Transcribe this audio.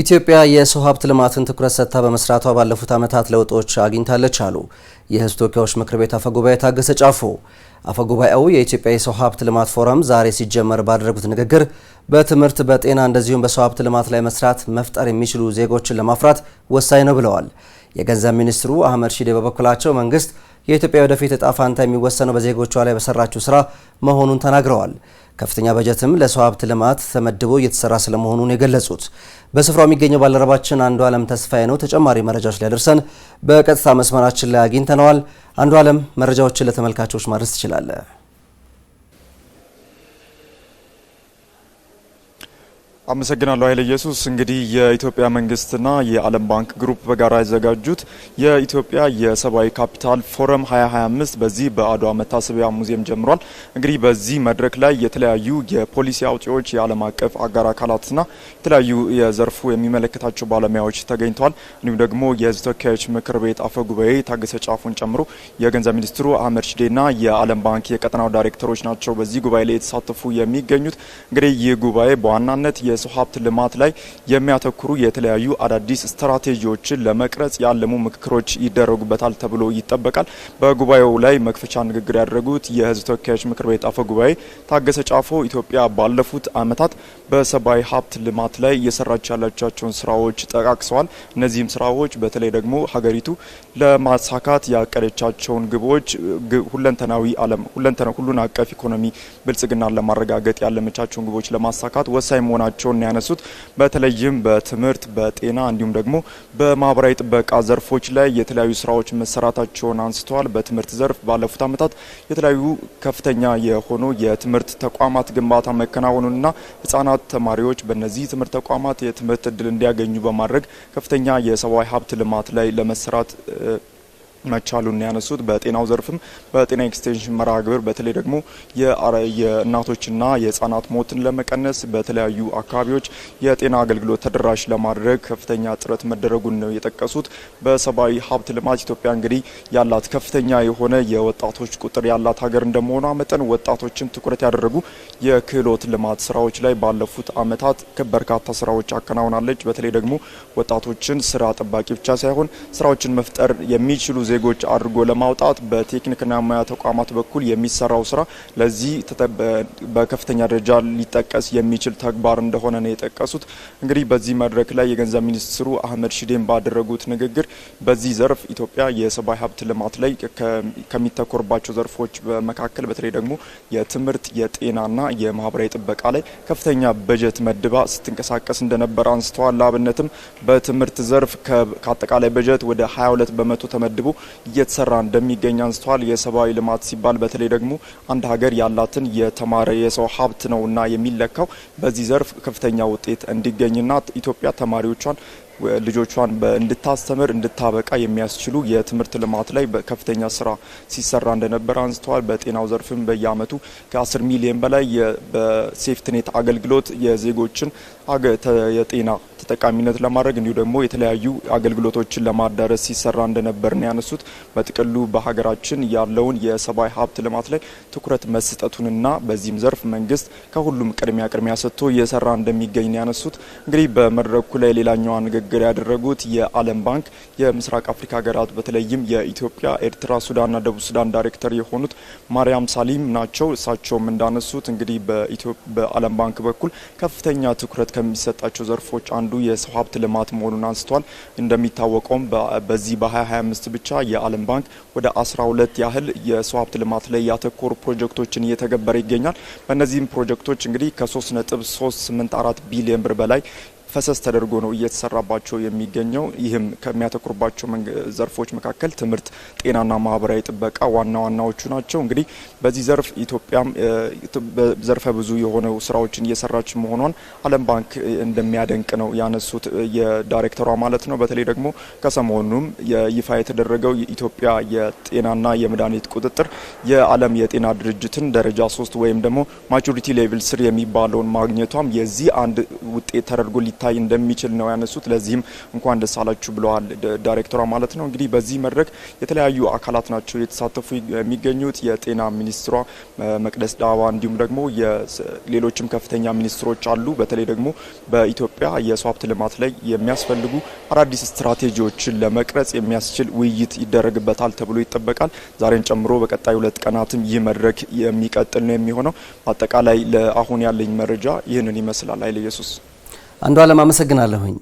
ኢትዮጵያ የሰው ሀብት ልማትን ትኩረት ሰጥታ በመስራቷ ባለፉት ዓመታት ለውጦች አግኝታለች አሉ የሕዝብ ተወካዮች ምክር ቤት አፈጉባኤ ታገሰ ጫፎ። አፈጉባኤው የኢትዮጵያ የሰው ሀብት ልማት ፎረም ዛሬ ሲጀመር ባደረጉት ንግግር በትምህርት፣ በጤና እንደዚሁም በሰው ሀብት ልማት ላይ መስራት መፍጠር የሚችሉ ዜጎችን ለማፍራት ወሳኝ ነው ብለዋል። የገንዘብ ሚኒስትሩ አህመድ ሺዴ በበኩላቸው መንግስት የኢትዮጵያ ወደፊት እጣ ፋንታ የሚወሰነው በዜጎቿ ላይ በሰራችው ስራ መሆኑን ተናግረዋል። ከፍተኛ በጀትም ለሰው ሀብት ልማት ተመድቦ እየተሰራ ስለመሆኑን የገለጹት በስፍራው የሚገኘው ባልደረባችን አንዱ ዓለም ተስፋዬ ነው። ተጨማሪ መረጃዎች ሊያደርሰን በቀጥታ መስመራችን ላይ አግኝተነዋል። አንዱ ዓለም መረጃዎችን ለተመልካቾች ማድረስ ትችላለህ? አመሰግናለሁ ኃይለ ኢየሱስ። እንግዲህ የኢትዮጵያ መንግስትና የዓለም ባንክ ግሩፕ በጋራ ያዘጋጁት የኢትዮጵያ የሰብአዊ ካፒታል ፎረም 2025 በዚህ በአድዋ መታሰቢያ ሙዚየም ጀምሯል። እንግዲህ በዚህ መድረክ ላይ የተለያዩ የፖሊሲ አውጪዎች፣ የዓለም አቀፍ አጋር አካላትና የተለያዩ የዘርፉ የሚመለከታቸው ባለሙያዎች ተገኝተዋል። እንዲሁም ደግሞ የህዝብ ተወካዮች ምክር ቤት አፈ ጉባኤ ታገሰ ጫፉን ጨምሮ የገንዘብ ሚኒስትሩ አህመድ ሽዴና የዓለም ባንክ የቀጠናው ዳይሬክተሮች ናቸው በዚህ ጉባኤ ላይ የተሳተፉ የሚገኙት። እንግዲህ ይህ ጉባኤ በዋናነት የሰው ሀብት ልማት ላይ የሚያተኩሩ የተለያዩ አዳዲስ ስትራቴጂዎችን ለመቅረጽ ያለሙ ምክክሮች ይደረጉበታል ተብሎ ይጠበቃል። በጉባኤው ላይ መክፈቻ ንግግር ያደረጉት የህዝብ ተወካዮች ምክር ቤት አፈ ጉባኤ ታገሰ ጫፎ ኢትዮጵያ ባለፉት ዓመታት በሰብአዊ ሀብት ልማት ላይ እየሰራች ያለቻቸውን ስራዎች ጠቃቅሰዋል። እነዚህም ስራዎች በተለይ ደግሞ ሀገሪቱ ለማሳካት ያቀደቻቸውን ግቦች ሁለንተናዊ አለም ሁለንተና ሁሉን አቀፍ ኢኮኖሚ ብልጽግናን ለማረጋገጥ ያለመቻቸውን ግቦች ለማሳካት ወሳኝ መሆናቸው መሆናቸውን ያነሱት። በተለይም በትምህርት፣ በጤና እንዲሁም ደግሞ በማህበራዊ ጥበቃ ዘርፎች ላይ የተለያዩ ስራዎች መሰራታቸውን አንስተዋል። በትምህርት ዘርፍ ባለፉት ዓመታት የተለያዩ ከፍተኛ የሆኑ የትምህርት ተቋማት ግንባታ መከናወኑንና ህጻናት ተማሪዎች በእነዚህ ትምህርት ተቋማት የትምህርት እድል እንዲያገኙ በማድረግ ከፍተኛ የሰብአዊ ሀብት ልማት ላይ ለመሰራት መቻሉን ያነሱት በጤናው ዘርፍም በጤና ኤክስቴንሽን መርሃ ግብር በተለይ ደግሞ የእናቶችና የህጻናት ሞትን ለመቀነስ በተለያዩ አካባቢዎች የጤና አገልግሎት ተደራሽ ለማድረግ ከፍተኛ ጥረት መደረጉን ነው የጠቀሱት። በሰብአዊ ሀብት ልማት ኢትዮጵያ እንግዲህ ያላት ከፍተኛ የሆነ የወጣቶች ቁጥር ያላት ሀገር እንደመሆኗ መጠን ወጣቶችን ትኩረት ያደረጉ የክህሎት ልማት ስራዎች ላይ ባለፉት አመታት በርካታ ስራዎች አከናውናለች። በተለይ ደግሞ ወጣቶችን ስራ ጠባቂ ብቻ ሳይሆን ስራዎችን መፍጠር የሚችሉ ዜጎች አድርጎ ለማውጣት በቴክኒክና ሙያ ተቋማት በኩል የሚሰራው ስራ ለዚህ በከፍተኛ ደረጃ ሊጠቀስ የሚችል ተግባር እንደሆነ ነው የጠቀሱት። እንግዲህ በዚህ መድረክ ላይ የገንዘብ ሚኒስትሩ አህመድ ሽዴን ባደረጉት ንግግር በዚህ ዘርፍ ኢትዮጵያ የሰብአዊ ሀብት ልማት ላይ ከሚተኮርባቸው ዘርፎች መካከል በተለይ ደግሞ የትምህርት የጤናና የማህበራዊ ጥበቃ ላይ ከፍተኛ በጀት መድባ ስትንቀሳቀስ እንደነበር አንስተዋል። ለአብነትም በትምህርት ዘርፍ ከአጠቃላይ በጀት ወደ 22 በመቶ ተመድቦ እየተሰራ እንደሚገኝ አንስተዋል። የሰብአዊ ልማት ሲባል በተለይ ደግሞ አንድ ሀገር ያላትን የተማረ የሰው ሀብት ነውና የሚለካው በዚህ ዘርፍ ከፍተኛ ውጤት እንዲገኝና ኢትዮጵያ ተማሪዎቿን ልጆቿን እንድታስተምር እንድታበቃ የሚያስችሉ የትምህርት ልማት ላይ ከፍተኛ ስራ ሲሰራ እንደነበረ አንስተዋል። በጤናው ዘርፍም በየአመቱ ከ10 ሚሊዮን በላይ በሴፍትኔት አገልግሎት የዜጎችን የጤና ተጠቃሚነት ለማድረግ እንዲሁ ደግሞ የተለያዩ አገልግሎቶችን ለማዳረስ ሲሰራ እንደነበር ነው ያነሱት። በጥቅሉ በሀገራችን ያለውን የሰብአዊ ሀብት ልማት ላይ ትኩረት መሰጠቱንና በዚህም ዘርፍ መንግስት ከሁሉም ቅድሚያ ቅድሚያ ሰጥቶ እየሰራ እንደሚገኝ ነው ያነሱት። እንግዲህ በመድረኩ ላይ ሌላኛዋ ንግግር ንግግር ያደረጉት የዓለም ባንክ የምስራቅ አፍሪካ ሀገራት በተለይም የኢትዮጵያ፣ ኤርትራ፣ ሱዳንና ደቡብ ሱዳን ዳይሬክተር የሆኑት ማርያም ሳሊም ናቸው። እሳቸውም እንዳነሱት እንግዲህ በዓለም ባንክ በኩል ከፍተኛ ትኩረት ከሚሰጣቸው ዘርፎች አንዱ የሰው ሀብት ልማት መሆኑን አንስተዋል። እንደሚታወቀውም በዚህ በ2025 ብቻ የዓለም ባንክ ወደ 12 ያህል የሰው ሀብት ልማት ላይ ያተኮሩ ፕሮጀክቶችን እየተገበረ ይገኛል። በእነዚህም ፕሮጀክቶች እንግዲህ ከ3.384 ቢሊዮን ብር በላይ ፈሰስ ተደርጎ ነው እየተሰራባቸው የሚገኘው። ይህም ከሚያተኩርባቸው ዘርፎች መካከል ትምህርት፣ ጤናና ማህበራዊ ጥበቃ ዋና ዋናዎቹ ናቸው። እንግዲህ በዚህ ዘርፍ ኢትዮጵያም ዘርፈ ብዙ የሆነው ስራዎችን እየሰራች መሆኗን ዓለም ባንክ እንደሚያደንቅ ነው ያነሱት የዳይሬክተሯ ማለት ነው። በተለይ ደግሞ ከሰሞኑም ይፋ የተደረገው የኢትዮጵያ የጤናና የመድኃኒት ቁጥጥር የዓለም የጤና ድርጅትን ደረጃ ሶስት ወይም ደግሞ ማቹሪቲ ሌቭል ስር የሚባለውን ማግኘቷም የዚህ አንድ ውጤት ተደርጎ ሊታይ እንደሚችል ነው ያነሱት። ለዚህም እንኳን ደስ አላችሁ ብለዋል ዳይሬክተሯ ማለት ነው። እንግዲህ በዚህ መድረክ የተለያዩ አካላት ናቸው የተሳተፉ የሚገኙት የጤና ሚኒስትሯ መቅደስ ዳባ እንዲሁም ደግሞ ሌሎችም ከፍተኛ ሚኒስትሮች አሉ። በተለይ ደግሞ በኢትዮጵያ የሰው ሀብት ልማት ላይ የሚያስፈልጉ አዳዲስ ስትራቴጂዎችን ለመቅረጽ የሚያስችል ውይይት ይደረግበታል ተብሎ ይጠበቃል። ዛሬን ጨምሮ በቀጣይ ሁለት ቀናትም ይህ መድረክ የሚቀጥል ነው የሚሆነው። በአጠቃላይ ለአሁን ያለኝ መረጃ ይህንን ይመስላል። ኃይለ ኢየሱስ አንዱ ዓለም አመሰግናለሁኝ።